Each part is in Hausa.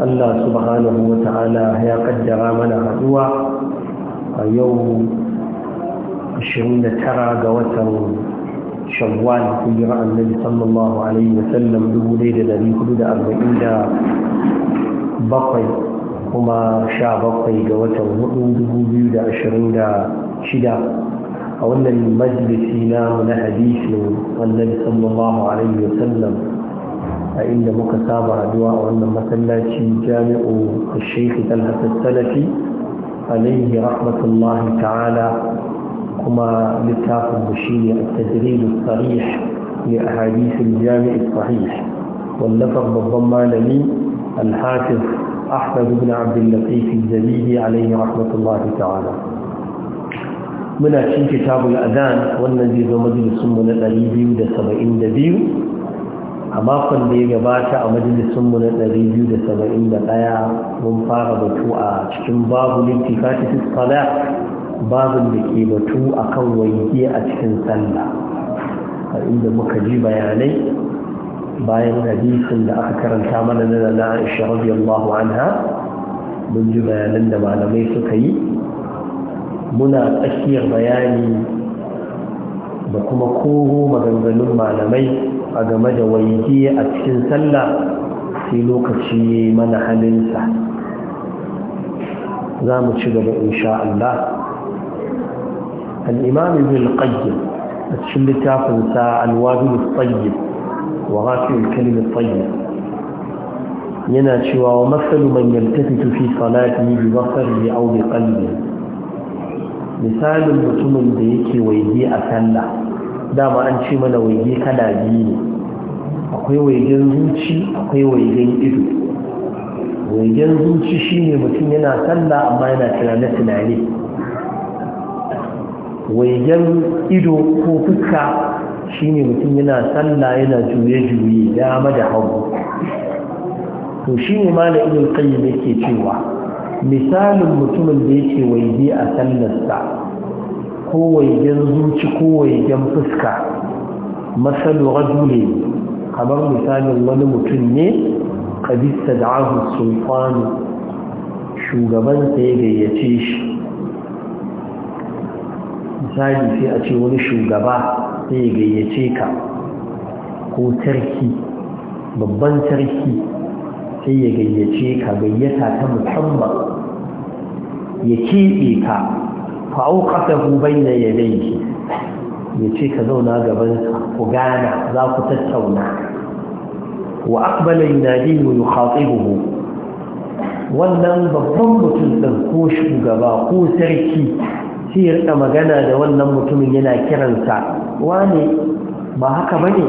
Allah subhanahu wa ta'ala ya kaddara mana haduwa a yau 29 ga watan shawwal hijira annabi sallallahu alaihi wa sallam 1447 kuma 17 ga watan 4226 a wannan majalisi na hadisi hadisin annabi sallallahu alaihi wa sallam a inda muka saba addu'a a wannan masallaci jami'u sheikh talhat salafi alaihi rahmatullahi ta'ala kuma littafin mu shine at-tadrib as-sarih li ahadith al-jami' as-sahih wallafar babban malami al-hafiz أحمد بن عبد اللطيف الزبيدي عليه رحمة الله تعالى muna cin kitabul azan wannan zai zo majalisun mu na 272 a makon da ya gabata a mu na 271 mun fara batu a cikin babu linti fatifis fada babin da ke batu a kan waige a cikin sallah a inda muka ji bayanai bayan hadisin da aka karanta mana na na aisha radiyallahu anha mun ji bayanan da malamai suka yi muna tsakiyar bayani da kuma koro maganganun malamai a game da waiki a cikin sallah sai lokaci mana halinsa za mu ci gaba insha Allah al-imam ibn qayyim a cikin littafin sa al-wabil wa yana cewa wa masalu man yaltafitu fi salatihi bi basarihi aw misalin mutumin da yake waige a sallah dama an ce mana waige kala biyu ne akwai waigen zuci akwai waigen ido waigen zuci shine mutum yana sallah amma yana tunane-tunane waigen ido ko fuska shine mutum yana sallah yana juye-juye dama da hau to shine ma da idon ne ke cewa misalin mutumin da yake waige a sallarsa ko waigen zuci ko waigen fuska masalu ne. kamar misalin wani mutum ne kabista da ahu shugaban ta ya gayyace shi misali sai a ce wani shugaba sai ya gayyace ka ko tarki, babban tarki sai ya gayyace ka gayyata ta musamman ya keɓe ka fa'auƙasahu na yanayi ya ce ka zauna gabansa ku gana za ku tattauna wa aqbala yunadihi wa yukhatibuhu wannan babban mutum din ko shugaba ko sarki sai ya rika magana da wannan mutumin yana kiransa wane ba haka bane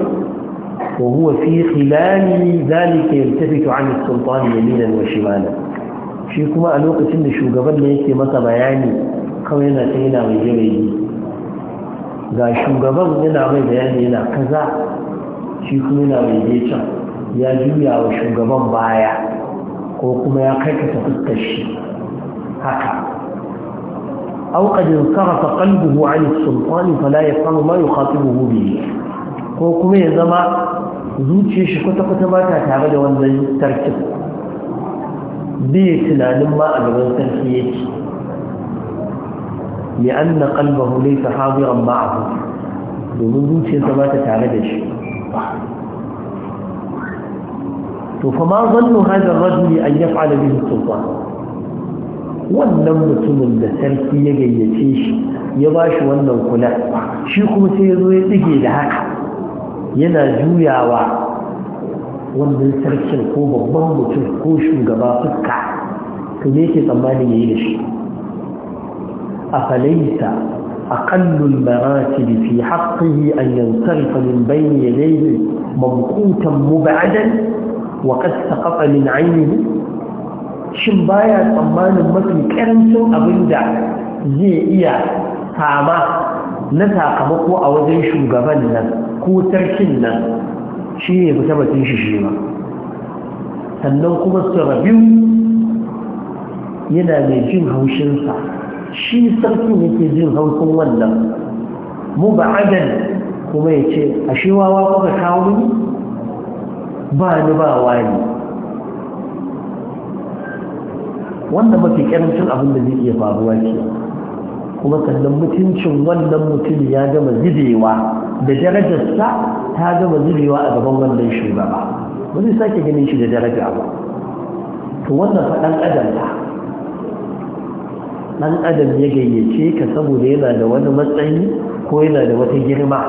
wa huwa fi khilali zalika yaltafitu an as-sultan yaminan wa shimalan shi kuma a lokacin da shugaban ne yake masa bayani kawai yana ta yana mai jirayi ga shugaban yana mai bayani yana kaza shi kuma yana mai je can ya juya wa shugaban baya ko kuma ya karkata fuskar shi haka أو قد انصرف قلبه عن السلطان فلا يفهم ما يخاطبه به ko kuma ya zama zuciyar shi kwata-kwata ba ta tare da wannan sarkin bai tunanin ma a gaban sarki yake li'anna qalbahu laysa hadiran ma'ahu domin zuciyarsa ba ta tare da shi to fa ma zannu hadha rajuli an yaf'ala bihi sultan wannan mutumin da sarki ya gayyace shi ya ba shi wannan kula shi kuma sai ya zo ya dige da haka yana juyawa wannan sarkin ko babban mutum ko shugaba fuska to me yake tsammanin yayi da shi أفليس أقل المراتب في حقه أن ينصرف من mankutan mu ba مبعدا wa kasta kafa min ainihi shin baya tsammanin mafi karancin abin da zai iya kama na sakamako a wajen shugaban nan ko tarkin nan shi ne fita batun shi shi ba sannan kuma sarabiu yana mai jin haushinsa shi sarkin yake jin haushin wannan mu ba adan kuma ya ce a shewawa kuka kawo mini ba ni ba wani wannan mafi karancin abin da zai iya faruwa ke kuma sannan mutuncin wannan mutum ya gama zubewa da darajarsa ta gama zubewa a gaban wannan shugaba ba zai sake ganin shi da daraja ba to wannan fa ɗan adam ɗan adam ya gayyace ka saboda yana da wani matsayi ko yana da wata girma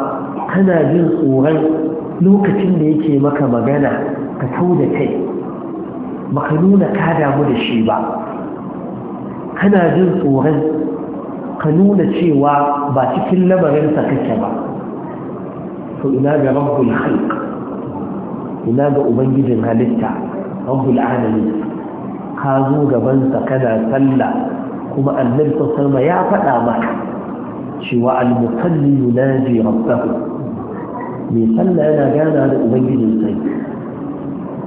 kana jin tsoron lokacin da yake maka magana ka tau da kai baka nuna ka damu da shi ba kana jin tsoron ka nuna cewa ba cikin lamarinsa kake ba to ina ga rabbul Halk, ina ga ubangijin halitta rabbul alamin ka zo gabansa kana sallah kuma annabi sallallahu ya faɗa maka cewa al-musalli yunaji rabbahu mai sallah yana gana da ubangijin sai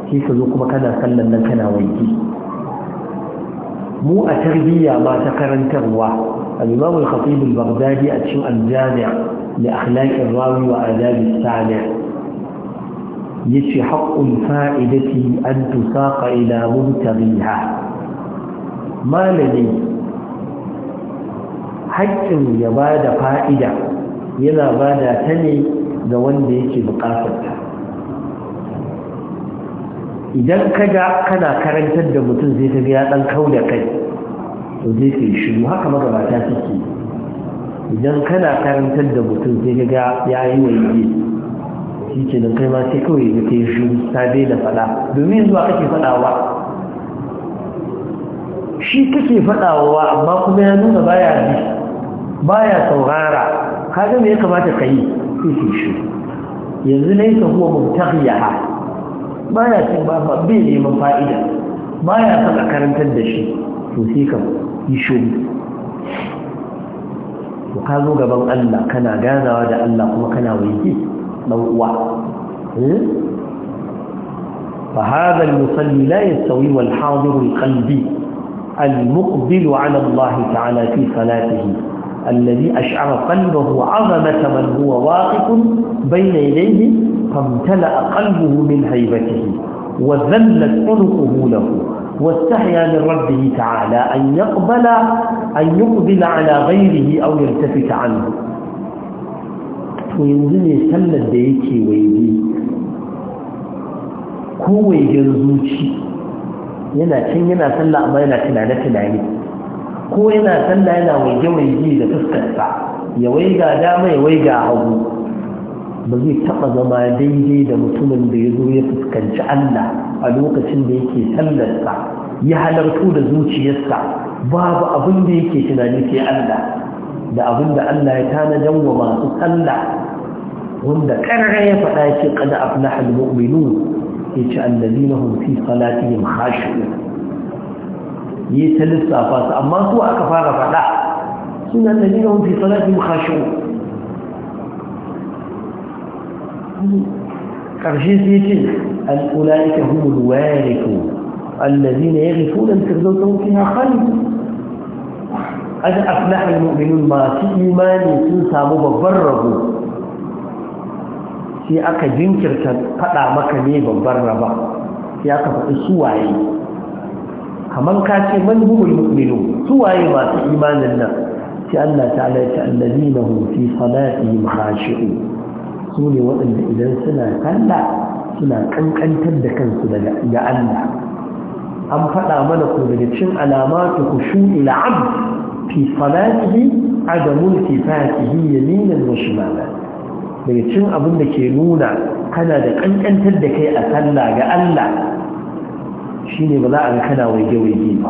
sai ka zo kuma kana sallan nan kana wanki mu a tarbiyya ba ta karantarwa al-imam al-khatib al-baghdadi a cikin al-jami' li akhlaq ar-rawi wa adab as-sami' yace haqqul fa'idati an tusaqa ila mubtaghiha malami haƙƙin ya bada fa'ida yana bada ta ne ga wanda yake bukatar ta idan ka kaga kana karantar da mutum zai ta ya dan kau da kai to zai ke shiru haka magabata suke idan kana karantar da mutum zai ga ya yi waje shi ke nan kai ma sai kawai da ta yi shiru ta daina faɗa domin zuwa kake faɗawa shi kake faɗawa amma kuma ya nuna baya bi baya saurara kaga me ya kamata ka yi sai shi yanzu laisa huwa mubtaghiyaha baya cin ba ba bai neman fa'ida baya son a karantar da shi to sai ka yi shiru to ka zo gaban Allah kana ganawa da Allah kuma kana waje dan uwa fa hada al-musalli la yastawi wal hadir al-qalbi al-muqbil ala Allah ta'ala fi salatihi الذي أشعر قلبه عظمة من هو واقف بين يديه فامتلأ قلبه من هيبته وذلت عنقه له واستحيا من ربه تعالى أن يقبل أن يقبل على غيره أو يلتفت عنه وينزل يسلل ديكي ويدي هو يجنزوشي yana cin yana sallah amma yana tunane tunane ko yana sallah yana waje waje da fuskarsa ya ga dama ya ga hagu ba zai taɓa zama daidai da mutumin da ya zo ya fuskanci Allah a lokacin da yake sallarsa ya halartu da zuciyarsa babu abin da yake tunani sai Allah da abin da Allah ya tanadan wa masu sallah wanda karara ya faɗa ce kada aflahal mu'minun yace allazina hum fi salatihim khashi'un yi ta lissafa su amma su aka fara faɗa suna da nuna mafi salati makashin ƙarshe sai ce al'ula'ika humul wariku الذين يغفون الفردوس هم فيها خالد قد أفلح المؤمنون ما في إيماني تنسى مببره في أكا جنكر فقع مكاني مببره في أكا فقسوعي kamar ka ce man mu'minu su waye masu imanin nan sai Allah ta'ala ya ce allazina hum fi salatihim khashi'u su ne waɗanda idan suna sallah suna kankantar da kansu daga ga Allah an faɗa mana ku daga cin alamatu khushu'i al-'abd fi salatihi adamu tifatihi yaminan wa shimalan daga cin abin da ke nuna kana da kankantar da kai a sallah ga Allah shine ba za a ga kana waige waige ba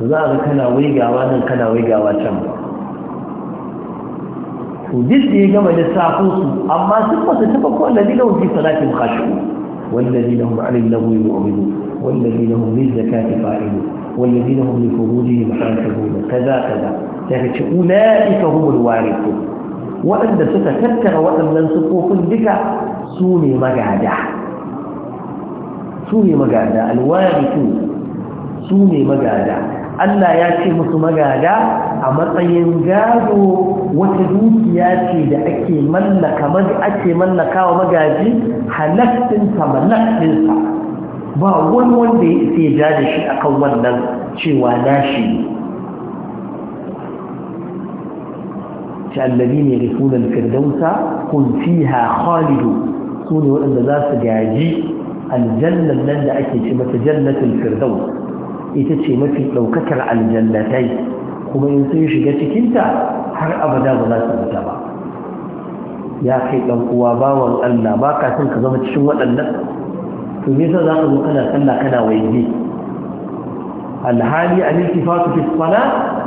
ba za a ga kana waigawa nan kana waigawa can ba to duk da ya gama lissafin su amma duk ba su taba ko allazi lahum fi salatin khashu wallazi lahum alil lahwi mu'minun wallazi lahum lil zakati fa'ilun wallazi lahum li furujihim hafizun kaza kaza daga ce ulaika humul warithun waɗanda suka tattara waɗannan sufofin duka su ne magada su ne magada alwarisu su ne magada Allah ya ce musu magada a matsayin gado wata dukiya ce da ake mallaka ake mallakawa magaji halaktinsa mallaktinsa ba wani wanda ya isa ya ja da shi akan wannan cewa nashi ne الذين kun الفردوس هم su ne waɗanda za su gaji. aljannan nan da ake ce mata jannatul firdaus ita ce mafi ɗaukakar aljannatai kuma in sun shiga cikinta har abada ba za su fita ba ya kai ɗan uwa bawan Allah ba ka son ka zama cikin waɗannan to me yasa za ka zo kana sallah kana waige alhali al-iltifatu fi as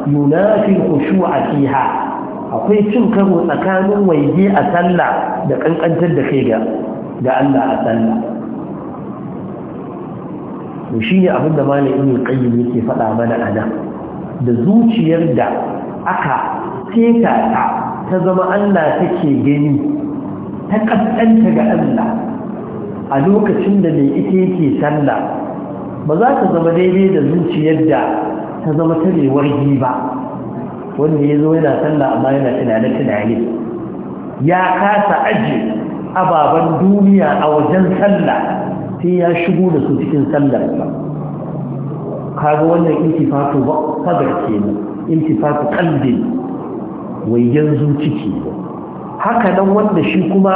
yunafi khushu'a fiha akwai cin karo tsakanin waige a sallah da kankantar da kai ga da Allah a sallah to shi ne abinda malamin ƙayyar yake faɗa mana a nan da zuciyar da aka seta ta ta zama allah take gani ta ƙasƙanta ga allah a lokacin da mai ita yake sallah ba za ta zama daidai da zuciyar da ta zama tarewar ba wanda ya zo yana sallah amma yana tunane-tunane ya kasa aji ababen duniya a wajen sallah sai ya shigo da su cikin sallar kaga wannan intifatu ba fadar kenan intifatu qalbi wayan zuciya haka nan wanda shi kuma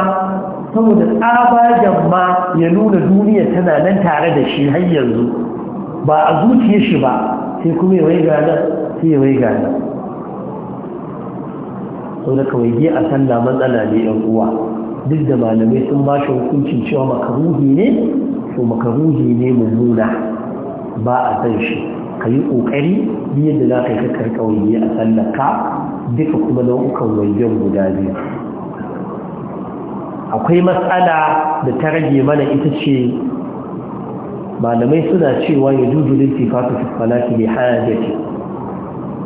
saboda tsabagen ma ya nuna duniya tana nan tare da shi har yanzu ba a zuciya shi ba sai kuma ya waiga nan sai ya waiga nan sau da kawai a sallah matsala ne yan uwa duk da malamai sun ba shi hukuncin cewa makaruhi ne to makaruhi ne mummuna ba a san shi ka yi ƙoƙari biyar da za ka yi kakar ƙauye a tsallaka duka kuma nau'ukan wajen guda biyu akwai matsala da ta rage mana ita ce malamai suna cewa ya juju littafatu fi falaki bi hajjati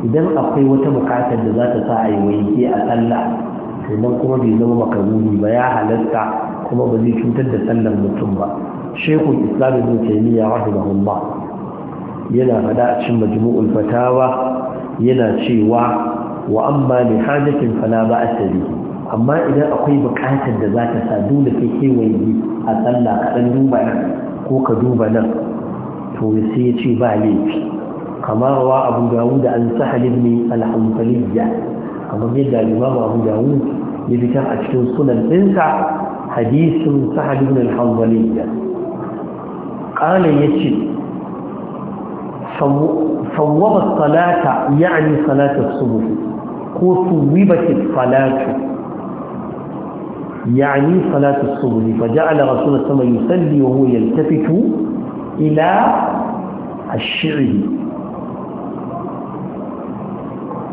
idan akwai wata bukatar da za ta sa a yi waje a sallah sannan kuma bai zama makaruhi ba ya halatta kuma ba zai cutar da sallar mutum ba shekul islam ibn taymiya rahimahullah yana fada a cikin majmu'ul fatawa yana cewa wa amma li hajatin fala ba asali amma idan akwai bukatar da za ta sa dole sai kewaye a sallah ka dan duba nan ko ka duba nan to sai ya ce ba laifi kamar wa abu dawud an sahal ibn al-hanbaliyya عظيم جدا لبابا أبو داود لبتاب أشتوز كنا حديث سعد بن الحنظلية قال يشي صوب الصلاة يعني صلاة الصبح قو صوبت الصلاة يعني صلاة الصبح فجعل رسول الله يصلي وهو يلتفت إلى الشعر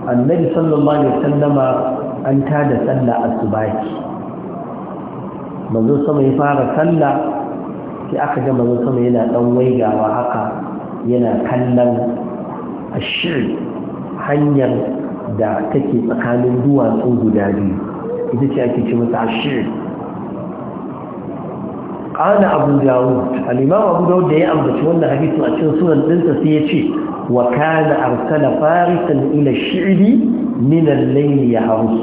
annabi sallallahu alaihi sallama an tada sallah asubaki manzo sama ya fara sallah sai aka ga manzo sama yana dan waigawa haka yana kallon ashir hanyar da take tsakanin duwatsu guda biyu ita ce ake ce masa ashir قال أبو داود الإمام أبو داود يا أبو داود وانا حديث أتشن سنة دلتا سيتي وكان أرسل فارسا shiri الشعب من ya يهرس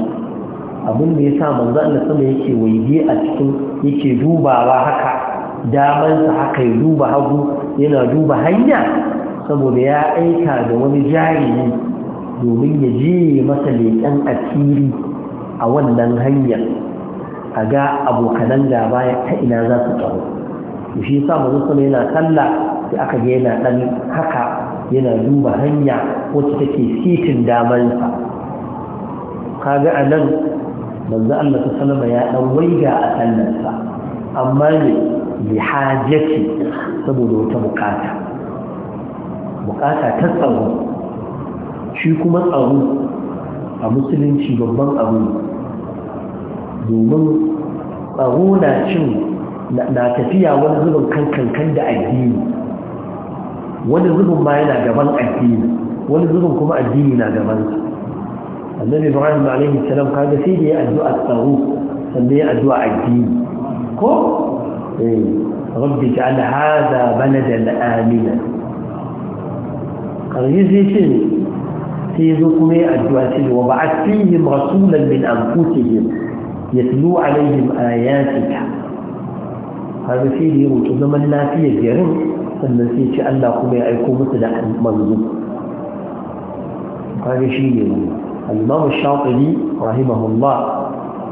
abin da ya sa manzo Allah sama yake waige a cikin yake dubawa haka damansa haka ya duba hagu yana duba hanya saboda ya aika da wani jarumi domin ya je masa leƙen asiri a wannan hanyar a ga abokanan gaba ta ina za su tsaro shi sa manzo sama yana sallah da aka ga yana dan haka yana duba hanya wacce take titin damansa kaga a nan manzo Allah ta salama ya dan waiga a sallarsa amma ne bi hajjati saboda wata bukata bukata ta tsaro shi kuma tsaro a musulunci babban abu domin tsaro na cin na tafiya wani zubin kankankan da addini wani zubin ma yana gaban addini wani zubin kuma addini na gaban annabi ibrahim alaihi salam ka ga sai da ya addu'a tsaro sannan ya addu'a addini ko eh rabbi ja'al hadha baladan amina karyi zai ce sai zo kuma ya addu'a ce wa ba'at fihim rasulan min anfusihim yatlu alaihim ayatika hadisi ne وتضمن لا في garin sannan sai ce Allah kuma ya aiko musu da manzo kage shi ne imam Shafi'i rahimahullah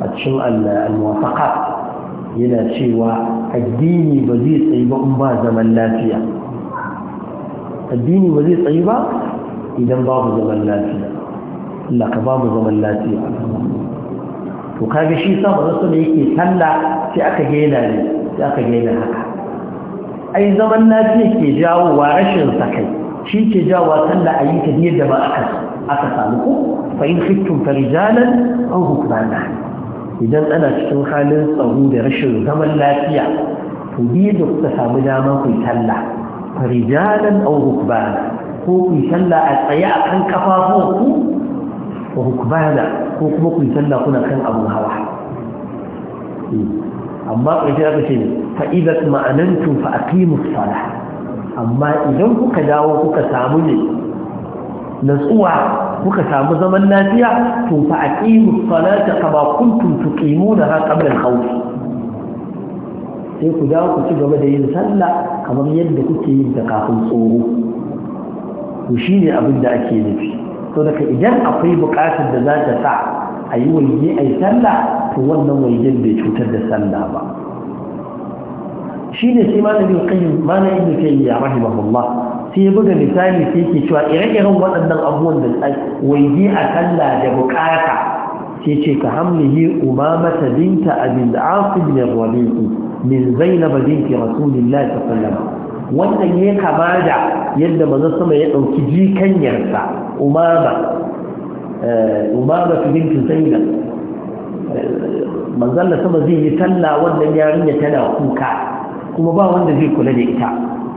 a cikin al-Muwafaqat yana cewa addini ba zai tsayi ba in ba zaman lafiya addini ba zai tsayi ba idan babu zaman lafiya Allah ka babu zaman lafiya to kage shi sa manzo ne yake talla sai aka gaina ne sai aka gaina haka ai zaman lafiya ke jawo wa rashin sakai shi ke jawo sallah a yi ta da ba aka aka samu ko fa in fitum farijalan aw idan ana cikin halin tsaro da rashin zaman lafiya to bi da kuka samu dama ku talla farijalan aw hukrana ko ku talla a tsaye a kan kafafuwanku wa hukrana ko kuma ku talla kuna kan abun hawa hmm. amma ƙarshe ka ce fa'idat ma'anantu fa salah amma idan kuka dawo kuka samu ne natsuwa kuka samu zaman lafiya to fa ta kaba kama kuntum tuqimuna ha qabla al-khawf sai ku dawo ku ci gaba da yin sallah kamar yadda kuke yin ta kafin tsoro to shine abin da ake nufi to daga idan akwai buƙatar da za ta sa a yi waje a yi sallah to wannan waigen bai cutar da sallah ba shi ne sai malamin kayyum malamin ibn tayyiya rahimahullah sai ya buga misali sai yake cewa ire-iren waɗannan abubuwan da tsai waige a sallah da bukata sai ce ka hamlihi umamata binta abin da asim ne rabi'i min zainab binti rasulillahi sallallahu alaihi wannan ya kama da yadda manzon sama ya ɗauki jikanyarsa umama eh, umama binti zainab manzalla sama zai yi talla wannan yarinya tana kuka kuma ba wanda zai kula da ita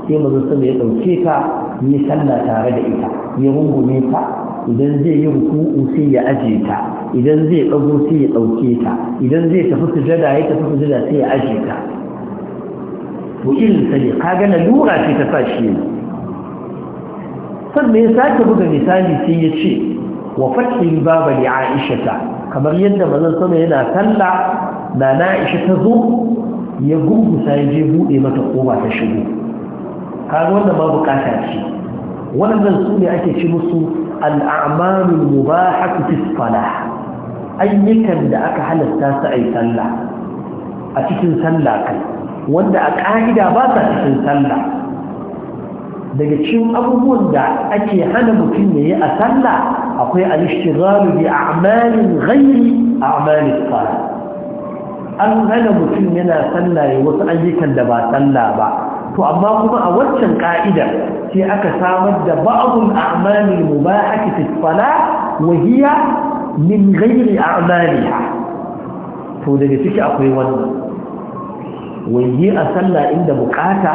sai manzon sama ya ɗauke ta yi talla tare da ita ya rungume ta idan zai yi ruku'u sai ya ajiye ta idan zai ɗago sai ya ɗauke ta idan zai tafi sujada ya tafi sujada sai ya ajiye ta to irin sa ne kaga lura ce ta sa shi sannan ya sake buga misali sai ya ce wa fatil baba li aisha kamar yadda mazan sama yana talla na na'isha ta zo ya gurgusa ya je buɗe mata ƙoba ta shigo kaga wannan ma bukata ce wannan su ne ake ci musu al'amalul mubahatu fi salah ayyukan da aka halatta su ayi sallah a cikin sallah kai wanda a ƙa'ida ba sa cikin sallah daga cikin abubuwan da ake hana mutum ya yi a sallah akwai al-ishtighalu bi a'malin ghairi a'malin salat an hana mutum yana sallaye wasu ayyukan da ba sallah ba to amma kuma a waccan ka'ida sai aka samar da ba'dul a'malil mubahati fi salat wa hiya min ghairi a'maliha to daga ciki akwai wannan waje a sallah inda bukata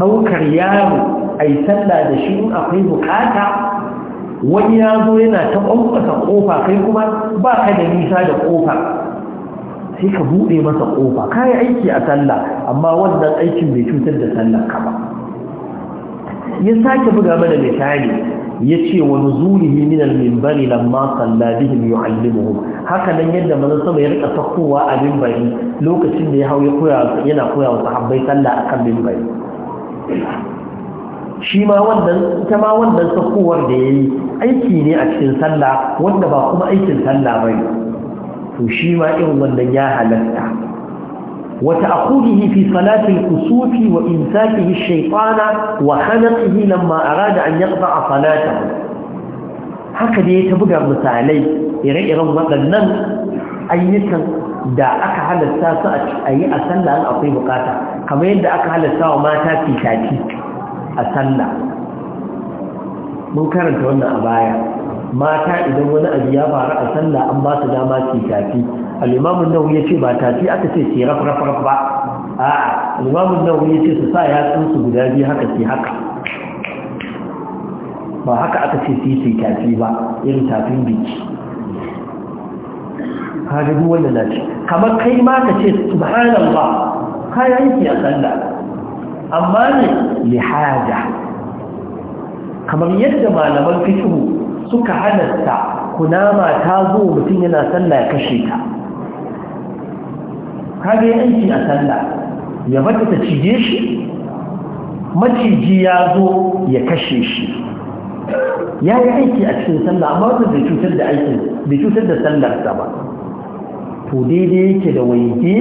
daukar yaro ai sallah da shi akwai bukata wani ya zo yana ta ƙofa kai kuma ba ka da nisa da ƙofa sai ka buɗe masa ƙofa ka yi aiki a sallah amma wannan aikin bai cutar da sallah ka ba ya sake buga mana misali ya ce wa nuzulihi min al-minbari lamma salla yu'allimuhum haka nan yadda manzo sama ya rika sakkowa a mimbari lokacin da ya hau ya koya yana koya wa sahabbai sallah akan mimbari. shi ma wannan ita ma wannan sakowar da ya yi aiki ne a cikin sallah wanda ba kuma aikin sallah ba ne to shi ma irin wannan ya halatta wata akulihi fi salatin kusufi wa insakihi shaitana wa hanaqihi lamma arada an a salata haka ya ta buga misalai ire-iren waɗannan ayyukan da aka halatta su a yi a sallah akwai bukata kamar yadda aka halatta wa mata tafi. a sallah mun karanta wannan a baya mata idan wani abu ya faru a sallah an ba su dama su tafi al-imamu ya ce ba tafi aka ce ki raf raf raf ba a al-imamu nawawi yace su sa yatsun su guda biyu haka ki haka ba haka aka ce su yi tafi ba irin tafin biki kaga duk wannan na ce kamar kai ma ka ce ba ka yanki a sallah amma ne lihaja kamar yadda malaman fikihu suka halasta kunama ta zo mutum yana sallah ya kashe ta kage aiki a sallah ya bata ta cije shi maciji ya zo ya kashe shi ya yi aiki a cikin sallah amma wanda bai cutar da aikin bai cutar da sallar sallarsa ba to daidai yake da waige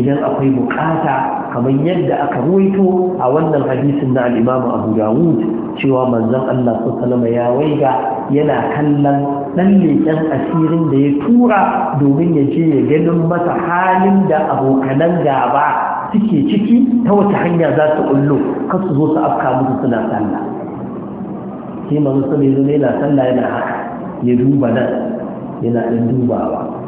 idan akwai bukata kamar yadda aka ruwaito a wannan hadisin na al'imamu abu dawud cewa manzon allah sallama ya waiga yana kallon ɗan leƙen asirin da ya tura domin ya je ya ganin masa halin da abokanan gaba suke ciki ta wata hanya za su ullo kar su zo su afka musu suna sallah sai manzo sai yana sallah yana haka ya duba nan yana ɗan dubawa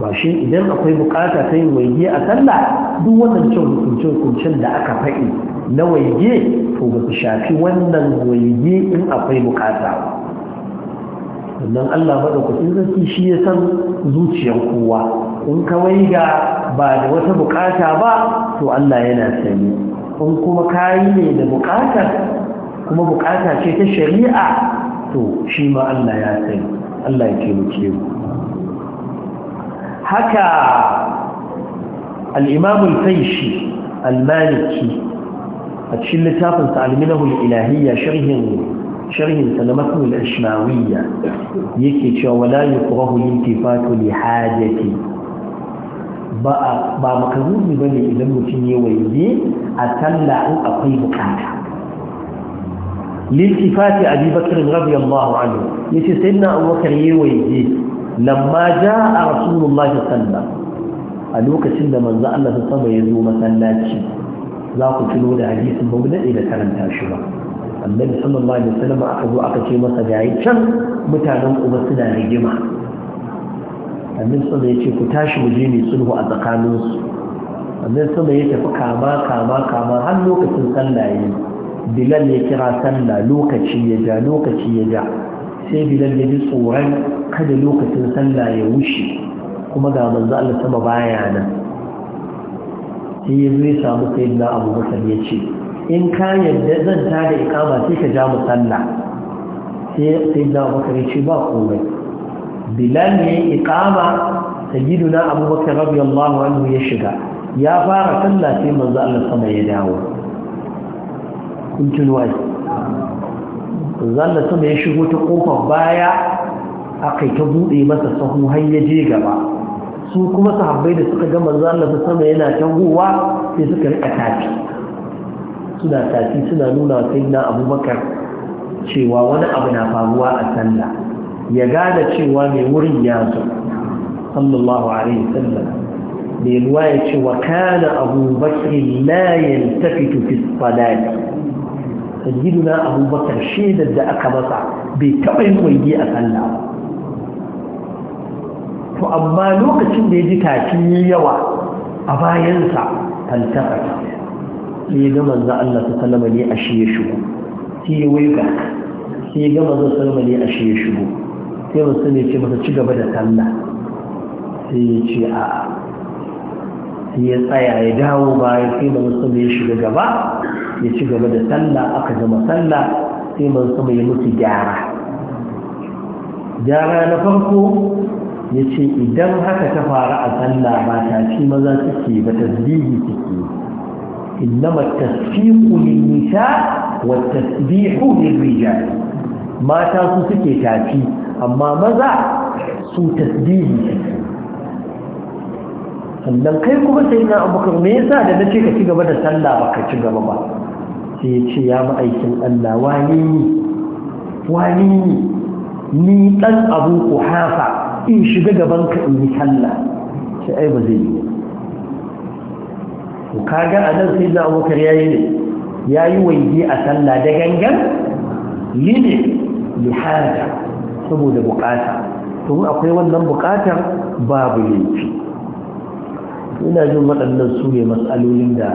ba shi idan akwai bukata ta yin waige a sallah duk wannan cin hukunce-hukuncen da aka faɗi na waige to ba su shafi wannan waige in akwai bukata sannan Allah maɗaukacin zaki shi ya san zuciyar kowa in ka ga ba da wata bukata ba to Allah yana sani in kuma yi ne da bukata kuma bukata ce ta shari'a to shi ma Allah ya sani Allah ya taimake mu حكى الإمام الفيشي المالكي هتشي اللي تعطل تعلمينه الإلهية شره شره سلمته الأشماوية يكي تشي ولا يقره الانتفاك لحاجة بقى بقى مكروز مباني إذا متنية ويدي أتلع أقيم كاتا للتفاة أبي بكر رضي الله عنه يتسلنا أبو بكر يويدي lamma jaa rasulullahi sallallahu a lokacin da manzo Allah ta sama ya zo masallaci za ku tuno da hadisin ba mu dade da karanta shi ba annabi sallallahu alaihi wasallam aka zo aka ce masa da yayi can mutanen uba suna rigima annabi sallallahu ya ce ku tashi mu je ne sulhu a tsakaninsu annabi sallallahu ya tafi kama kama kama har lokacin sallah yayi bilal ya kira sallah lokaci ya ja lokaci ya ja sai bilal ya ji tsoron kada lokacin sallah ya wuce kuma ga manzo Allah sama baya nan sai ya samu ya samu sayyidina abubakar ya ce in ka yadda zan tada ikama sai ka ja mu sallah sai sayyidina abubakar ya ce ba komai bilal ne yi ikama sayyiduna abubakar radiyallahu anhu ya shiga ya fara sallah sai manzo Allah sama ya dawo kun tunuwa zalla sama ya shigo ta kofar baya akai ta buɗe masa sahu har ya je gaba su kuma sahabbai da suka gama manzo sama yana tagowa sai suka rika tafi suna tafi suna nuna wa sayyidina Abubakar cewa wani abu na faruwa a sallah ya gane cewa mai wurin ya zo sallallahu alaihi wasallam bai ruwa ya ce wa kana abubakar la yantafitu fi salati sayyiduna abubakar shaidar da aka masa bai taɓa yin waje a sallah to amma lokacin da ya ji kafin yi yawa a bayansa fantaka sai ya gama za Allah ta salama ne a shi ya shigo sai ya wai waiga sai ya gama za salama ne a shi ya shigo sai masu ne ce masa ci gaba da sallah sai ya ce a sai ya tsaya ya dawo ba ya sai da wasu ne ya shiga gaba ya ci gaba da sallah aka gama sallah sai man sama ya mutu gyara gyara na farko ya ce idan haka ta fara a sallah ba ta ci maza suke ba tasbihi suke innama tasfiqu ni nisa wa tasbihu lil rijal mata su suke tafi amma maza su tasbihi sannan kai kuma sai na abubakar me yasa da nace ka ci gaba da sallah ba ka ci gaba ba sai ya ce ya ma'aikin Allah wani ni wani ni ni ɗan abu ku hafa in shiga gaban ka in yi kalla sai ai ba zai yi ku kaga a nan sai da abokar yayi ne yi waige a sallah da gangan yi ne lihaja saboda bukata to akwai wannan bukatar babu laifi ina jin waɗannan su ne matsalolin da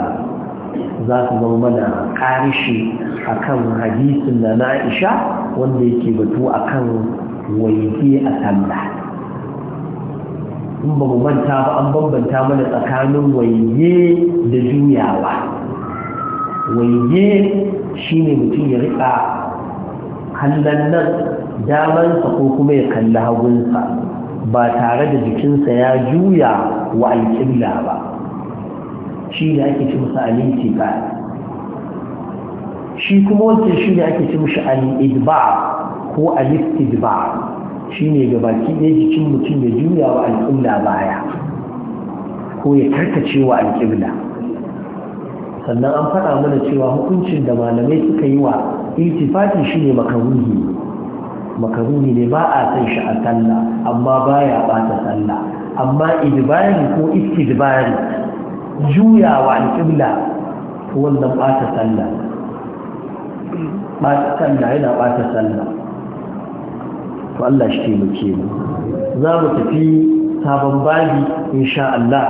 za su zama mana karishi a kan hadisin na na'isha wanda yake batu a kan waje a talla. in ba mu manta ba an bambanta mana tsakanin waje da juyawa waje ne mutum ya riƙa kallon nan damansa ko kuma ya kalli hagunsa ba tare da jikinsa ya juya wa alƙilla ba shi da ake ce masa al-intiba shi kuma wancan shi da ake ci mishi al ko al-istidba shi ne gabaki ɗaya jikin mutum ya juya wa alƙibla baya ko ya karkace wa alƙibla sannan an faɗa mana cewa hukuncin da malamai suka yi wa intifati shi ne makaruhi makaruhi ne ba a san shi a sallah amma baya ɓata sallah amma idbari ko istidbari Juyawa wa alƙibla wanda ɓata sallah ɓata sallah yana ɓata sallah to Allah shi ke muke mu za mu tafi sabon babi insha Allah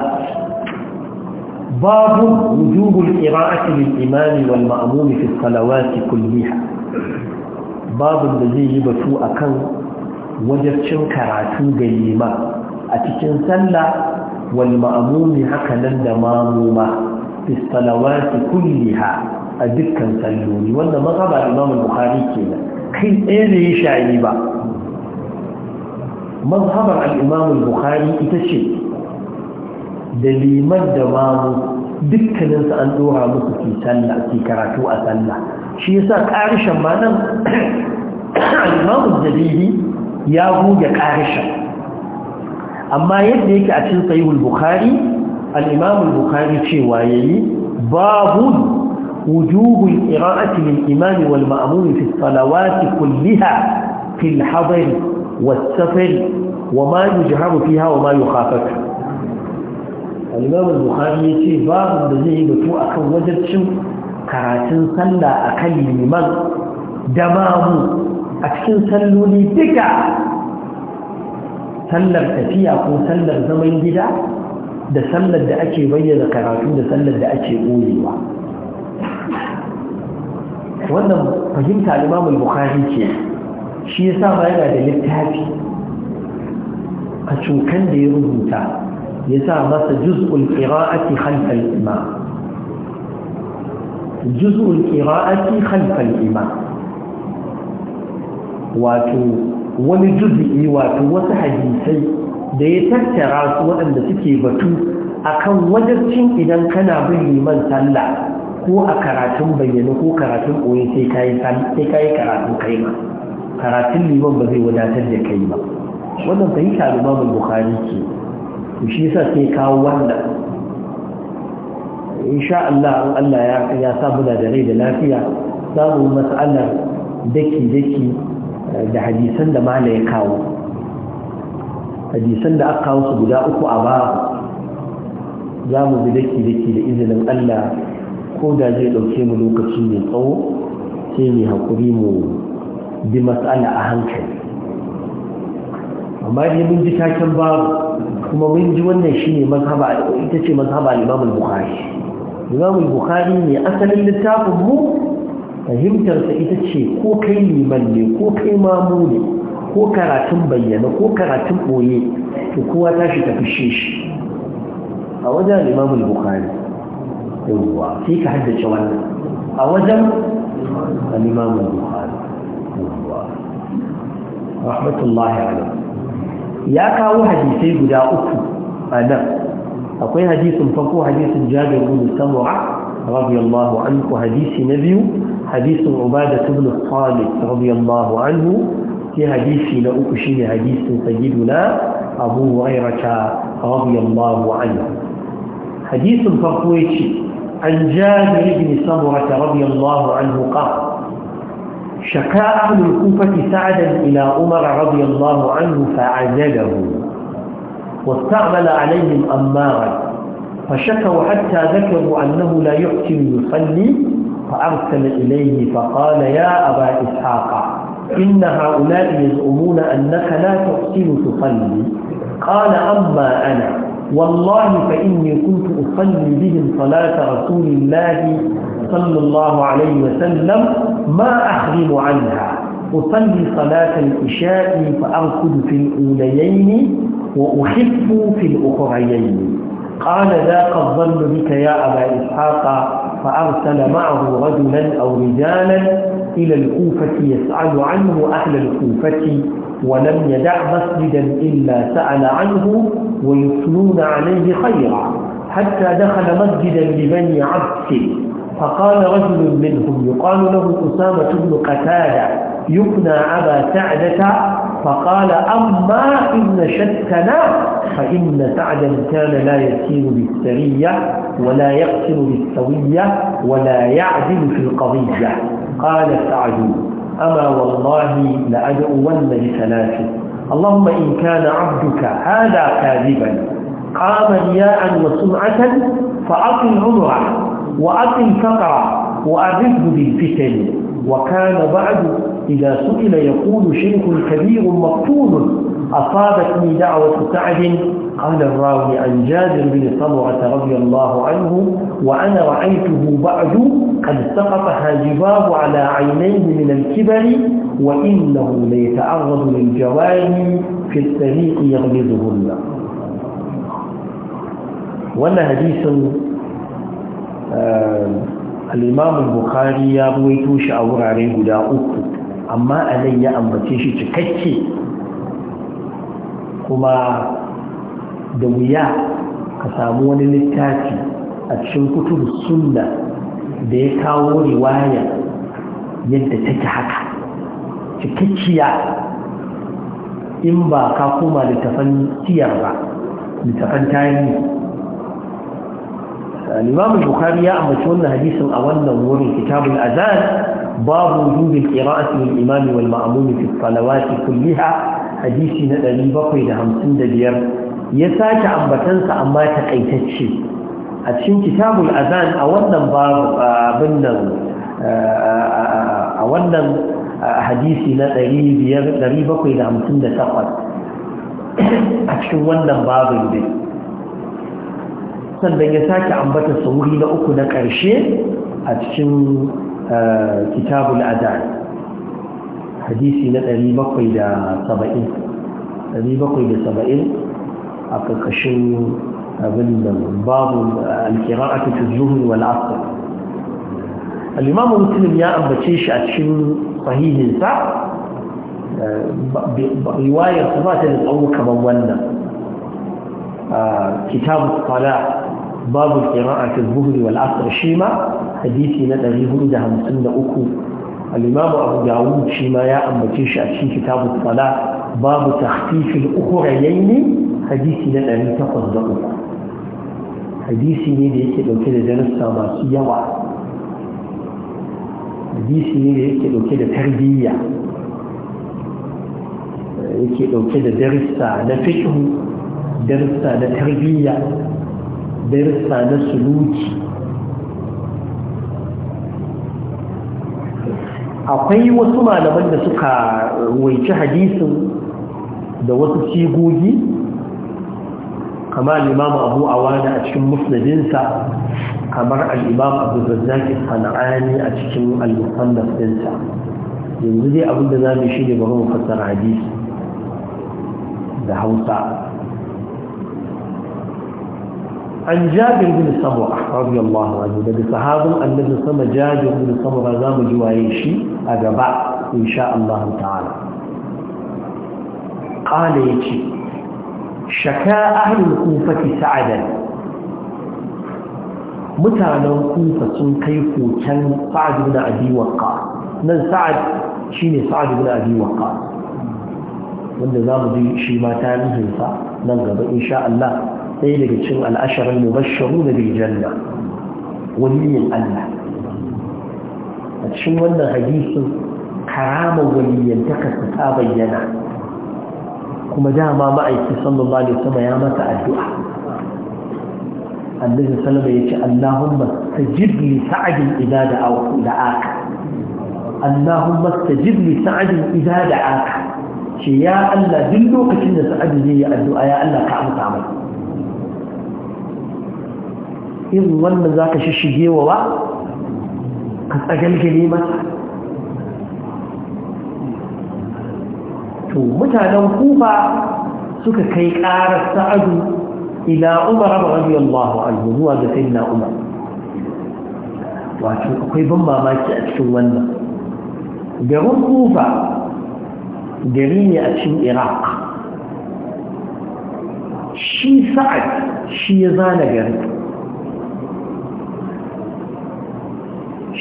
babu wujubul qira'ati lil imam wal ma'mum fi salawat kulliha babu da zai yi batu akan wajibcin karatu ga lima a cikin sallah wal ma'mumi haka nan da mamuma fi salawati kulliha a dukkan salloli wanda mazhaba Imam Bukhari kenan kai tsaye ne ya shayi ba mazhabar al Bukhari ita ce da liman da mamu dukkaninsu an dora musu ke karatu a sallah shi yasa karishan ma nan al-Imam Jadidi ya goge karishan amma yadda yake a cikin sahihul bukhari al-imam al-bukhari cewa yayi babu wujuhul qira'ati lil imam wal ma'mum fi salawati kulliha fi al-hadr was-safar wama yujharu fiha wama yukhafat al-imam al-bukhari yace babu da zai batu akan wajibcin karatun sallah akan liman da mamu a cikin salloli duka sallar tafiya ko sallar zaman gida da sallar da ake bayyana karatu da sallar da ake ɓoyewa wannan fahimta limamul bukhari ce shi yasa ba yana da littafi a cukan da ya rubuta ya sa masa juz'ul qira'ati khalfal imam juz'ul qira'ati khalfal imam wato wani juzi'i wato wasu hadisai da ya tattara su waɗanda suke batu a kan wajarcin idan kana bin liman sallah ko a karatun bayyana ko karatun ɓoye sai ka yi karatun kai ma karatun liman ba zai wadatar da kai ba wannan fahimta limamin bukari ce to shi yasa sai kawo wannan insha Allah an Allah ya sa muna da rai da lafiya za mu mas'alar daki daki da hadisan da mala ya kawo hadisan da aka kawo su guda uku a ba za mu bi daki daki da izinin Allah ko da zai ɗauke mu lokaci mai tsawo sai mai haƙuri mu bi matsala a hankali amma dai mun ji taken babu kuma mun ji wannan shine mazhaba ita ce mazhaba Imam Bukhari Imam Bukhari ne asalin littafin mu fahimtarsa ita ce ko kai liman ne ko kai mamu ne ko karatun bayyana ko karatun ɓoye to kowa tashi ta fishe shi a wajen imamul bukari yawwa sai ka haddace wannan a wajen al'imamul bukari yawwa rahmatullahi alaihi ya kawo hadisai guda uku a nan akwai hadisin farko hadisin jabir bin samura an anhu hadisi na biyu حديث عبادة بن الصالح رضي الله عنه في حديث لأكشين حديث سيدنا أبو هريرة رضي الله عنه حديث فرقويتي عن جابر بن سمرة رضي الله عنه قال شكا أهل الكوفة سعدا إلى عمر رضي الله عنه فعزله واستعمل عليهم أمارا فشكوا حتى ذكروا أنه لا يحسن يصلي فأرسل إليه فقال يا أبا إسحاق إن هؤلاء يزعمون أنك لا تحسن تصلي قال أما أنا والله فإني كنت أصلي بهم صلاة رسول الله صلى الله عليه وسلم ما أحرم عنها أصلي صلاة العشاء فأركض في الأوليين وأحب في الأخريين قال ذاك الظن بك يا أبا إسحاق فأرسل معه رجلا أو رجالا إلى الكوفة يسأل عنه أهل الكوفة ولم يدع مسجدا إلا سأل عنه ويثنون عليه خيرا حتى دخل مسجدا لبني عبس فقال رجل منهم يقال له أسامة بن قتادة يبنى أبا سعدة فقال أما إن شتنا فإن سعدا كان لا يسير بالسرية ولا يقتل بالسوية ولا يعدل في القضية قال سعد أما والله لأدعون لثلاث اللهم إن كان عبدك هذا كاذبا قام رياء وسمعة فأقل عمره وأقل فقره وأرده بالفتن وكان بعد إذا سئل يقول شيخ كبير مقتول أصابتني دعوة سعد قال الراوي عن جابر بن صبرة رضي الله عنه وأنا رأيته بعد قد سقط حاجباه على عينيه من الكبر وإنه ليتعرض للجواري في الطريق يغلظهن وأنا حديث آه، الإمام البخاري يروي توش عليه غدا أكو amma alai ya ambace shi cikakke kuma da wuya ka samu wani littafi a cikin kutubu sunna da ya kawo riwaya yadda take haka cikakkiya in ba ka koma littafan tiyar ba littafan tarihi ya ambaci wannan hadisin a wannan wurin kitabul الأذان babu wujubin qira'ati lil imam wal ma'mum fi salawati kulliha hadisi na 755 ya sake ambatansa amma takaitacce a cikin kitabul azan a wannan babu abin nan a wannan hadisi na 758 a cikin wannan babin dai sannan ya sake ambata sauri na uku na ƙarshe a cikin kitabul azan hadisi na 770 a ƙarƙashin abin da babu alkira'atu tujuhun wal asr al-imam ya ambace shi a cikin sahihin riwayar sa ba ta da tsawo kamar wannan kitabu salat باب القراءة في الظهر والعصر شيما حديثي ندري هند همسند أكو الإمام أبو داود شيما يا أم بتيش أشي كتاب الصلاة باب تخفيف الأخريين حديثي نتري تقصد أكو حديثي ندري كده كده درس ما وعا حديثي ندري كده كده تربية yake ɗauke da نفسه na نتربية darussa na darussa na suluki akwai wasu malaman da suka waici hadisin da wasu cigogi kamar limamu abu awana a cikin musnadinsa kamar al'imam abu zazzaki sana'ani a cikin al da dinsa yanzu dai abinda za mu shi ne bari mu fassara hadisi da hausa عن جابر بن سمرة رضي الله عنه ده صحاب الذي سمى جابر بن سمرة زام جوايشي أجبع إن شاء الله تعالى قال يجي شكا أهل الكوفة سعدا متعنى كوفة كيف كان سعد بن أبي وقاص من سعد شيني سعد بن أبي وقاص wanda za mu ji shi إن شاء الله قيل جسم الأشر المبشرون بالجنة ولي الله شو ولا حديث كرام ولي ينتقص تابينا كما جاء ما معك صلى الله عليه وسلم يا متى الدعاء النبي صلى الله عليه وسلم اللهم استجب لي سعد إذا دعوت دعاك اللهم استجب لي سعد إذا دعاك يا الله دلوك سعد لي الدعاء يا الله كعبت عملك irin wannan za ka shishige wa ba ka tsagalgale masa to mutanen kufa suka kai ƙara sa'adu ila umar radiyallahu anhu zuwa ga sayyidina umar wato akwai ban mamaki a cikin wannan garin kufa gari ne a cikin iraq shi sa'ad shi ya zana garin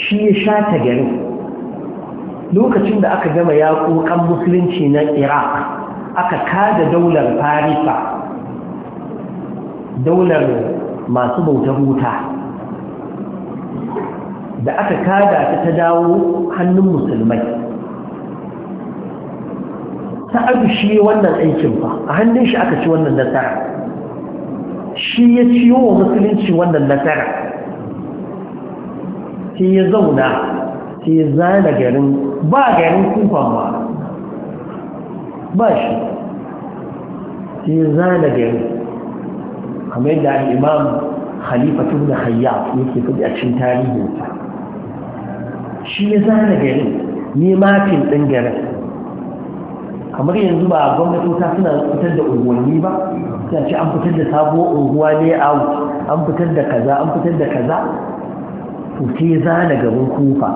shi ya sha ta garin lokacin da aka gama yaƙoƙan musulunci na iraq aka kada daular farisa daular masu bautar wuta da aka kada ta ta dawo hannun musulmai sa'adu shi wannan aikin fa a hannun shi aka ci wannan nasara shi ya ciyo wa musulunci wannan nasara Shi ya zauna shi ya zana garin ba garin kufa ba ba shi ya zana garin kamar yadda imam khalifa tun da hayya yake fi a cin tarihinsa shi ya zana garin ne mafin ɗin garin kamar yanzu ba gwamnatota suna fitar da unguwanni ba sai ce an fitar da sabuwar unguwa ne out an fitar da kaza an fitar da kaza to sai zana gaban kufa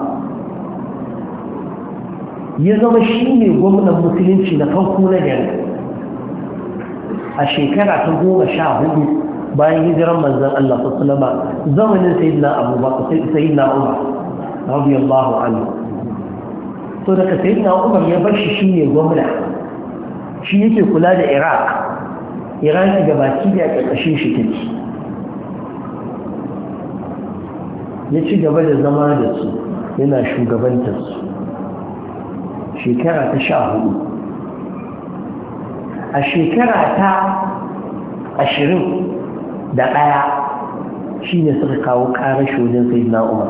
ya zama shi ne gwamnan musulunci na farko na gari a shekara ta goma sha hudu bayan hijiran manzan Allah su sulama zamanin sayidina abubakar sayidina umar radiyallahu anhu so daga sayidina umar ya bar shi shi ne gwamna shi yake kula da iraq iraki gabaki da ƙarƙashin shi take ya ci gaba da zama da su yana shugabantar su shekara ta sha hudu a shekara ta ashirin da ɗaya shi ne suka kawo ƙarar shojin sai na umar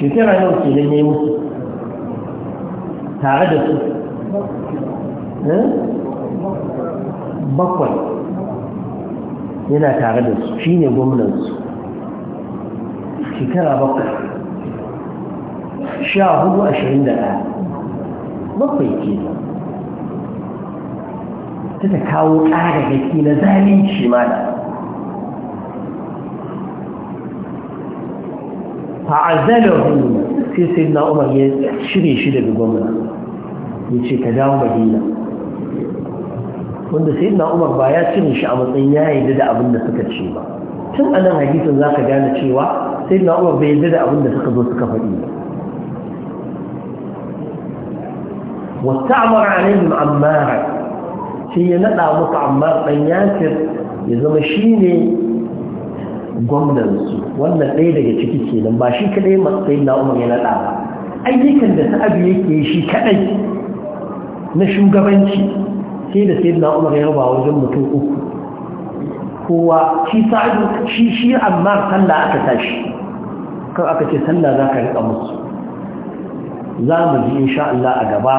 shekara yau ke don ya yi musu tare da su eh? bakwai yana tare da su shi ne gwamnansu shekara bakwai sha hudu ashirin da ɗaya bakwai ke ta ta kawo ƙara gaske na zalunci ma da fa'azalahu sai sai na umar ya shirye shi daga gwamna ya ce ka dawo madina wanda sai na umar ba ya cire shi a matsayin ya yi da abin da suka ce ba tun anan hadisin za ka gane cewa sai na umar bai yadda da abin da suka zo suka faɗi amara shi ya naɗa نقع متعمار ɗan yasir ya zama shi ne gwamnansu wannan ɗaya daga ciki kenan ba shi kaɗai sai na umar ya naɗa ba ayyukan da abu yake shi kaɗai na shugabanci sai da sai na umar ya raba wajen mutum uku kowa shi sa'adu shi shi amma sallah aka tashi kan aka ce sallah za ka riƙa musu za mu ji insha Allah a gaba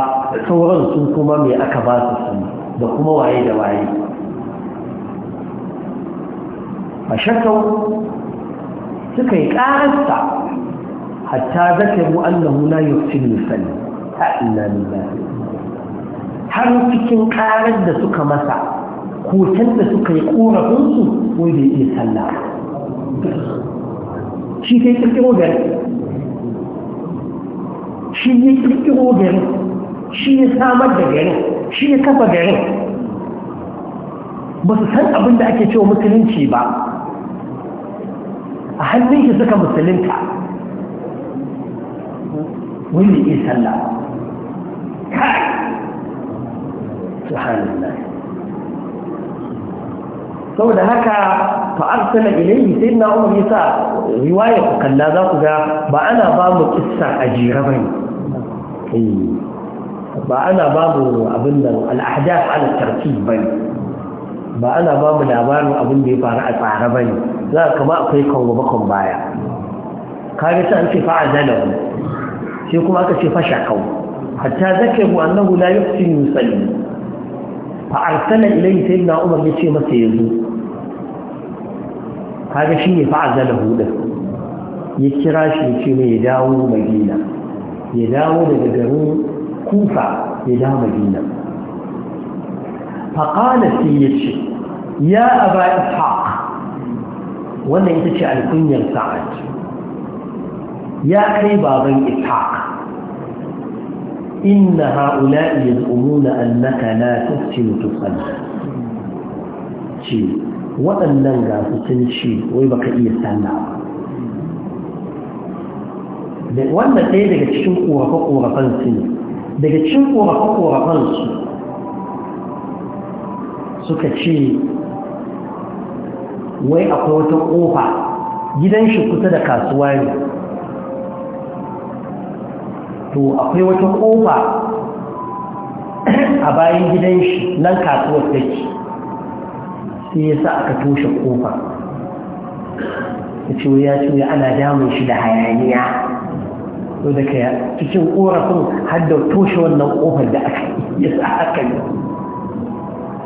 sauran sun kuma mai aka ba su su da kuma waye da waye a shakau suka yi ƙararsa hatta zakaru annahu la yusilu sallah ta inna lillahi har cikin ƙarar da suka masa hoton da suka yi ƙorafinsu wai bai iya sallah shi kai kirkiro gari shi ya kirkiro gari shi ya samar da gari shi ya kafa gari ba su san abin da ake cewa musulunci ba a hannun shi suka musulunta wani iya sallah kai subhanallah saboda haka fa arsala ilayhi sayyidina umar yasa riwaya ku kalla za ku ga ba ana ba mu kissa ajira bane eh, ba ana ba mu abin da al-ahdath ala tartib bane ba ana ba mu labarin abin da ya faru a tsara bane za ka kama akwai kango bakon baya Kare ta an ce fa azalahu sai kuma aka ce fa shakau hatta zakaru annahu la yuqsin yusalli fa arsala ilayhi sayyidina umar yace masa yanzu. kaga shi ne fa'azalahu din ya kira shi ya ce mai ya dawo madina ya dawo daga garin kufa ya dawo madina faƙala sai ya ce ya aba ishaq wannan ita ce alkunyar sa'ad ya kai baban ishaq inna ha'ula'i yaz'umuna annaka na tuhsinu tusalli ce waɗannan ga su sun ce wai baka iya sanna ba wannan ɗaya daga cikin ƙorafe-ƙorafen su ne daga cikin ƙorafe-ƙorafen su suka ce wai akwai wata ƙofa gidan shi kusa da kasuwa ne to akwai wata ƙofa a bayan gidan shi nan kasuwar take sai ya sa aka toshe kofa ya cuya ya ana damun shi da hayaniya to da ka cikin korafin har da toshe wannan kofar da aka yi. sa aka yi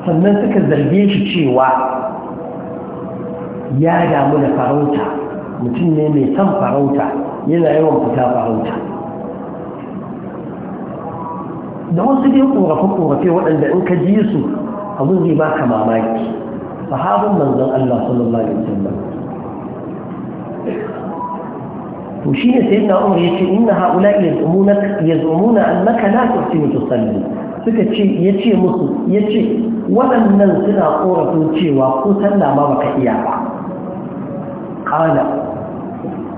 sannan suka zarge shi cewa ya damu da farauta mutum ne mai son farauta yana yawan fita farauta da wasu dai korafe-korafe waɗanda in ka ji su abin zai baka mamaki sahabin manzon Allah sallallahu alaihi wasallam to shi ne sayyidina Umar yace inna haula yazumuna yazumuna annaka la tusimu tusalli suka ce yace musu yace waɗannan suna korafin cewa ko sallah ma baka iya ba qala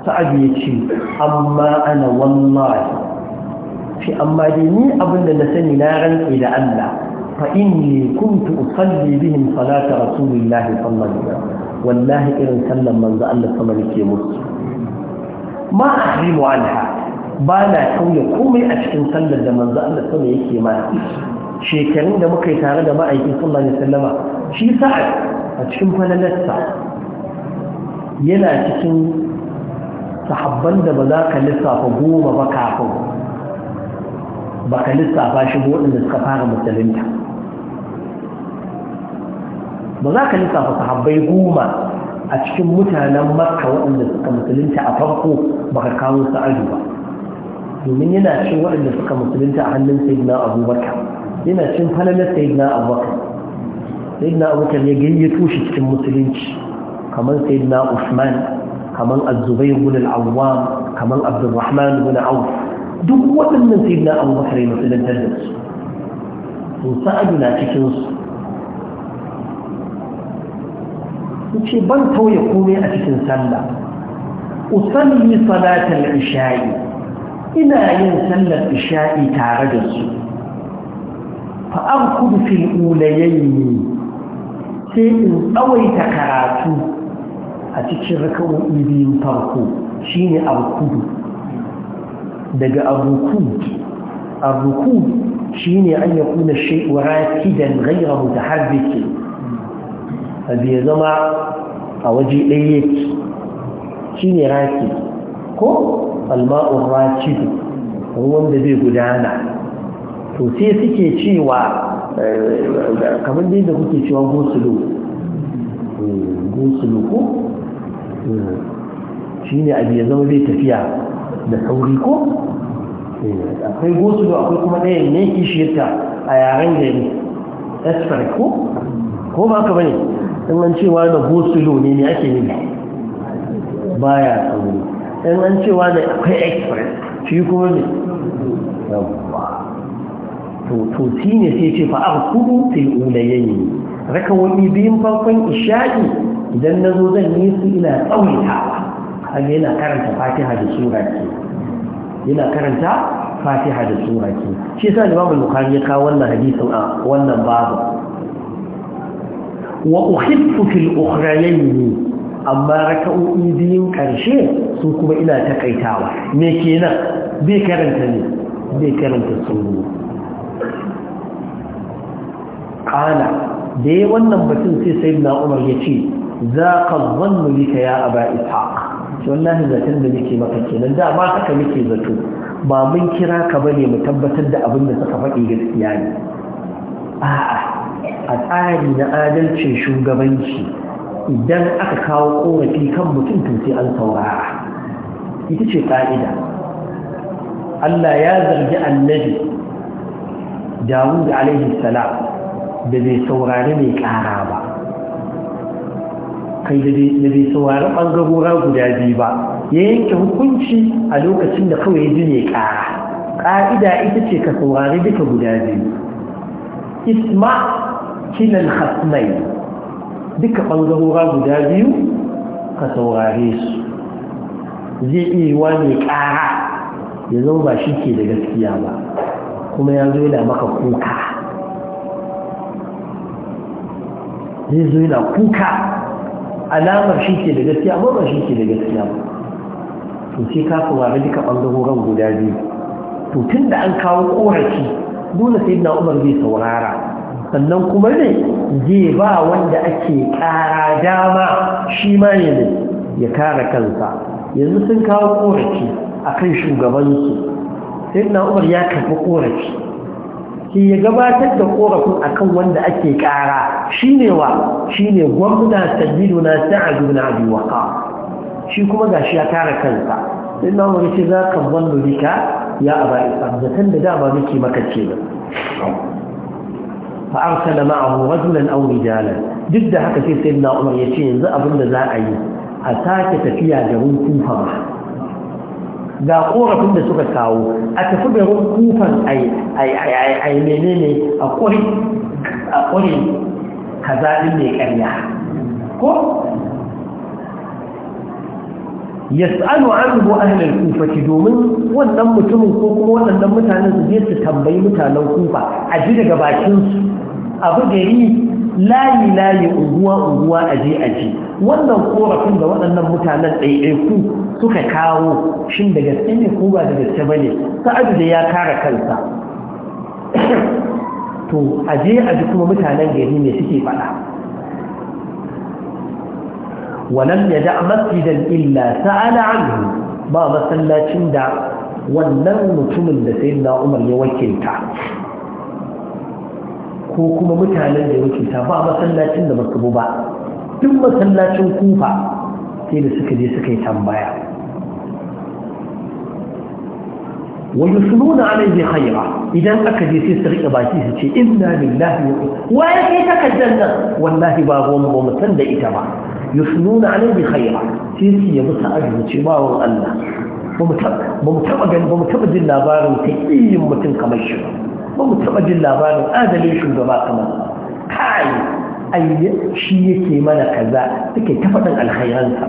sa'ad yace amma ana wallahi shi amma dai ni abinda na sani na rantsi da Allah فإني كنت أصلي بهم صلاة رسول الله صلى الله عليه وسلم والله إن سلم من ذا الله صلى الله عليه وسلم ما أحرم عنها بانا كوي كومي أشكن سلم من ذا الله صلى الله عليه وسلم shekarun da muka yi tare da ma'aikin sallallahu alaihi wasallama shi sa'ad a cikin falalarsa yana cikin sahabban da ba za ka lissafa goma ba kafin ba ka lissafa shi waɗanda suka fara musulunta ba za ka lissafa sahabbai goma a cikin mutanen makka waɗanda suka musulunta a farko ba ka kawo su aju ba domin yana cin waɗanda suka musulunta a hannun sayyidina abubakar yana cin falalar sayyidina abubakar sayyidina abubakar ya gayyato shi cikin musulunci kamar sayyidina usman kamar azubai ibn al-awwam kamar abdurrahman ibn auf duk waɗannan sayyidina abubakar ya musulunta da su to sa'adu na cikinsu. ce ban tauye komai a cikin sallah usalli salatal isha'i ina yin sallar isha'i tare da su fa arkudu fil ulayayni sai in tsawaita karatu a cikin raka'o'i biyun farko shine arkudu daga arkud arkud shine an yakuna shay'u rakidan ghayra mutaharrikin abu ya zama a waje ɗaya shi ne raki ko alma'un raki ruwan da zai gudana to sai suke cewa eh, kamar dai da kuke cewa gosulu gosulu ko eh, shi ne abu ya zama zai tafiya da sauri ko eh, akwai gosulu akwai kuma ɗaya ne kishiyarta a yaren gari esfarko ko ba ka bane in an cewa da gosulo ne ne ake nufi baya sauri in an cewa da akwai express shi kuma ne yawwa to shi ne sai ce fa aka kudu sai ulayayi raka wani biyun farkon isha'i idan na zo zan yi su ina tsawaitawa kaga yana karanta fatiha da sura ke yana karanta fatiha da sura ke shi sa imam babu bukhari ya kawo wannan hadisin a wannan babu amma وأخف karshe su kuma ركعوا takaitawa me kenan إلى karanta ne بيكرنتني karanta sunu kana dai wannan batun sai sayyidina Umar yace za ka zannu lika ya aba ishaq wallahi zaton da muke maka kenan da ma haka muke zato ba mun kira ka bane mu tabbatar da abin da suka faɗi gaskiya ne a'a a tsari na adalcin shugabanci idan aka kawo korafi kan mutum to sai an saurara ita ce ƙa'ida Allah ya zargi annabi Dawud alaihi salam da bai saurari mai ƙara ba kai da bai saurari ɓangarora guda biyu ba ya yanke hukunci a lokacin da kawai ji mai ƙara ƙa'ida ita ce ka saurari duka guda biyu isma kilan hasmai duka ɓangarora guda biyu ka saurare su zai iya wa mai ƙara ya zama ba shi ke da gaskiya ba kuma ya zo yana maka kuka zai zo yana kuka alamar shi ke da gaskiya ba ba shi ke da gaskiya ba to sai ka saurare duka ɓangarorin guda biyu to tun da an kawo ƙorafi dole sai na umar zai saurara sannan kuma ne zai ba wanda ake kara dama shi ma ne ya kare kansa yanzu sun kawo korafi a kan shugabansu sai na umar ya karfi korafi ke ya gabatar da korafin a kan wanda ake kara shi ne wa shi ne gwamna sabilu na sa'adu na abuwaka shi kuma ga shi ya kare kansa sai na umar ce za ka wallo bika ya aba isa zaton da dama muke maka ce ba fa arsala ma'ahu rajulan aw rijalan duk da haka sai sayyidina Umar ya ce yanzu abin da za yi a sake tafiya da kufa ba ga korafin da suka kawo a tafi da kufan ai ai ai ai menene a kuri a kuri kaza din ne ƙarya ko yas'alu anhu ahli domin wannan mutumin ko kuma wannan mutanen su je su tambayi mutanen kufa a ji daga bakin su abu gari layi layi unguwa unguwa aje aje wannan korafin da waɗannan mutanen ɗaiɗaiku suka kawo shin da gaske ne ko ba da gaske ba ne sa'adu da ya kare kansa to aje aje kuma mutanen gari ne suke faɗa a يدع مسجدا illa سأل عنه ba masallacin da wannan mutumin da sai umar ya wakilta ko kuma mutanen da yake ta ba masallacin da basu ba duk masallacin kufa sai da suka je suka yi tambaya wa yusluna alayhi khayra idan aka je sai su rike baki su ce inna lillahi wa ya kai takaddan nan wallahi ba gon ba mutan da ita ba yusluna alayhi khayra sai su yi musu ajru ce ba wa Allah ba mu taba taba ganin ba mu taba jin labarin ta iyin mutum kamar shi ba ba mu taɓa jin labarin adalin shugaba kamar kai ai shi yake mana kaza take ta faɗin alhairansa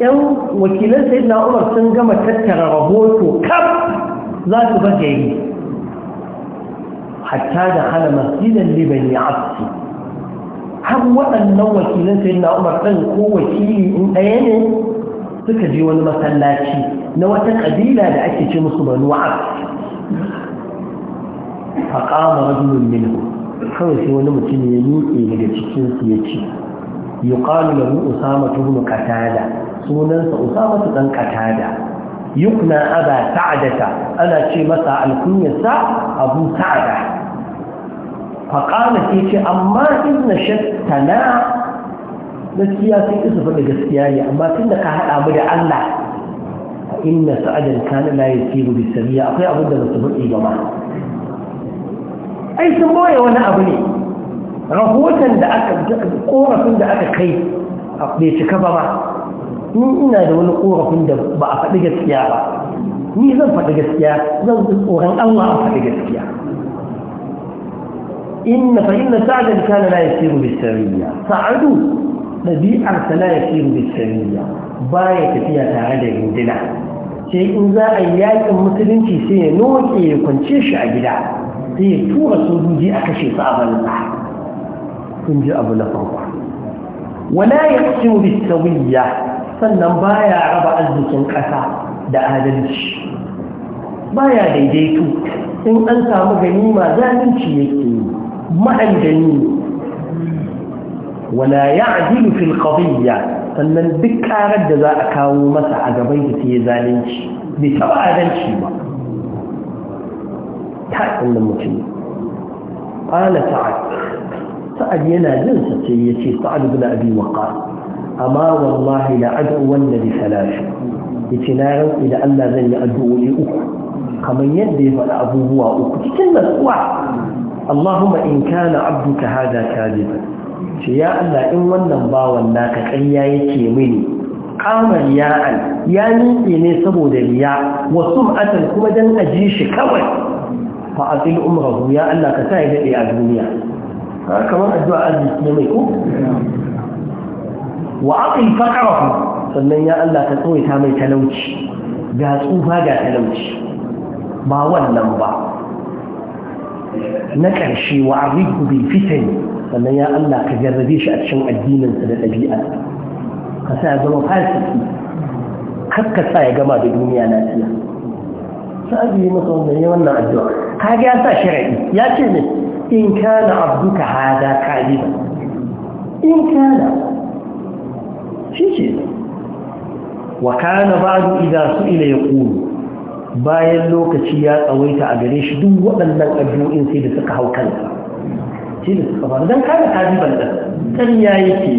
yan wakilan sai na sun gama tattara rahoto kaf za su ba gari hatta da hana masjidan libani absi har waɗannan wakilan sai na umar ɗin ko wakili in ɗaya ne suka je wani masallaci na wata ƙabila da ake ce musu banu wa'ab faƙama rajulun minhu kawai sai wani mutum ya miƙe daga cikinsu ya ce yi ƙalu lahu usama tuhunu katada sunansa usama su ɗan katada yukna aba sa'adata ana ce masa alkunyarsa abu sa'ada faƙama sai ce amma inna shattana gaskiya sun isa fa da gaskiya ne amma tun da ka haɗa mu da Allah inna sa'adan kana la yasiru bi sabiya akwai abin da ba su faɗi ba ma ai sun boye wani abu ne rahoton da aka korafin da aka kai bai cika ba ba ni ina da wani korafin da ba a faɗi gaskiya ba ni zan faɗi gaskiya zan tsoron Allah a faɗi gaskiya إن فإن سعدا كان لا يسير بالسرية سعدوا ɗabi'ar sala ya fi bishariya ba ya tafiya tare da rindina sai in za a yi yakin musulunci sai ya noke ya kwance shi a gida sai ya tura sojoji a kashe su a banza ji abu na farko wala ya fi bishariya sannan ba ya raba arzikin ƙasa da adalci ba ya daidaito in an samu ganima zalunci yake yi ma'an ganima ولا يعدل في القضية أن بك رد ذا أكاو مسع قبيت في ذلك بسبع ذلك تحق المتين قال سعد سعد ينادل ستيتي سعد بن أبي وقال أما والله لا أدعون لثلاث يتنار إلى أن لا ذن يأدعو لأخ كما يدعو أبوه وأخ تكلم الله اللهم إن كان عبدك هذا كاذبا ce ya Allah in wannan bawan naka ƙarya yake mini kamar ya'an ya miƙe ne saboda riya wasu sum'atan kuma don dan ji shi kawai fa asil umrahu ya Allah ka sa ya daɗe a duniya kamar addu'a arziki ne mai ko wa aqil faqrahu sannan ya Allah ka tsawaita mai talauci ga tsufa ga talauci ba wannan ba na ƙarshe wa arriku bil fitani sannan ya Allah ka jarrabe shi a cikin addininsa da ɗabi'a ka sa ya zama fasiki kar ka sa ya gama da duniya lafiya sa'adu yi masa wannan yawan nan addu'a ka ga ya sa shari'i ya ce ne in kana abduka hada kadiba in kana shi ce wa kana ba'du idza su'ila yaqulu bayan lokaci ya tsawaita a gare shi duk waɗannan addu'o'in sai da suka hau kansa shi da suka faru don kada ka jiban ya ƙarya yake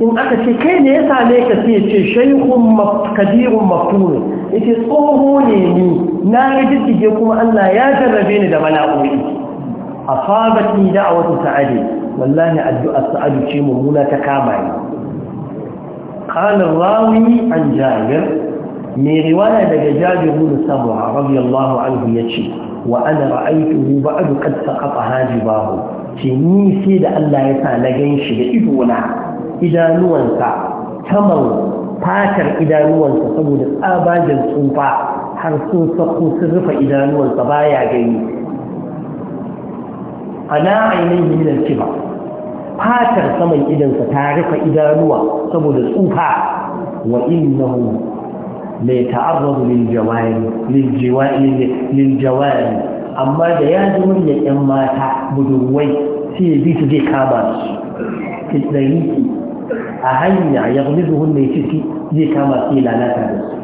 in aka ce kai ne ya same ka sai ya ce shaikun kadirun maftunu ya ce tsoho ne ni na rijiddige kuma allah ya jarrabe ni da mala'o'i a fabatni da a wata sa'adi wallahi addu'ar sa'adu ce mummuna ta kama ni rawi الراوي عن جابر من رواية لجابر بن سمرة رضي الله عنه يشي wa ana ra'aituhu ba'du qad saqata hajibahu ce ni sai da Allah ya sa na gan shi idona idanuwansa taman fatar idanuwansa saboda tsabagen tsufa har sun sako sun rufe idanuwansa baya gani ana ainihin min al-kiba fatar saman idonsa ta rufe idanuwa saboda tsufa wa innahu Mai yata'arradu lil jawari amma da ya ji muryar yan mata budurwai sai ya bi su zai kama su fitsari a hanya ya gudu zuhun mai ciki zai kama su yi lalata da su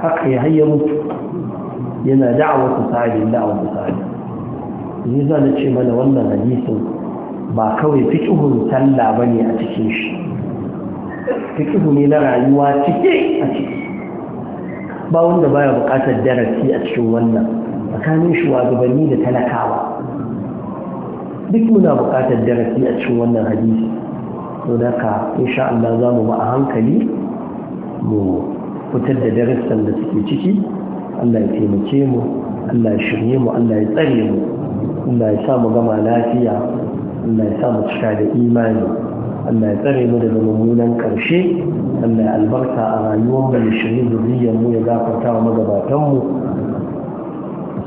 haka ya hayya mutu yana da'awar su sa'adin da'awar su sa'adin ni zana ce mana wannan hadisin ba kawai fi fiƙihun sallah ne a cikin shi fikihu ne na rayuwa cike a ciki ba wanda baya bukatar darasi a cikin wannan tsakanin shugabanni da talakawa duk muna bukatar darasi a cikin wannan hadisi to da ka insha Allah za mu ba a hankali mu fitar da darussan da suke ciki Allah ya taimake mu Allah ya shirye mu Allah ya tsare mu Allah ya sa mu gama lafiya Allah ya sa mu cika da imani Allah ya tsare mu daga mummunan ƙarshe Allah ya albarka a rayuwar mu ya shiri zuriyar mu ya gafarta wa magabatan mu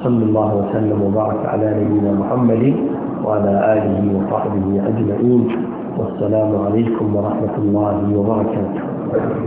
sallallahu alaihi wa wasallam wa baraka ala nabiyyina muhammadin wa ala alihi wa sahbihi ajma'in wassalamu alaikum wa rahmatullahi wa barakatuh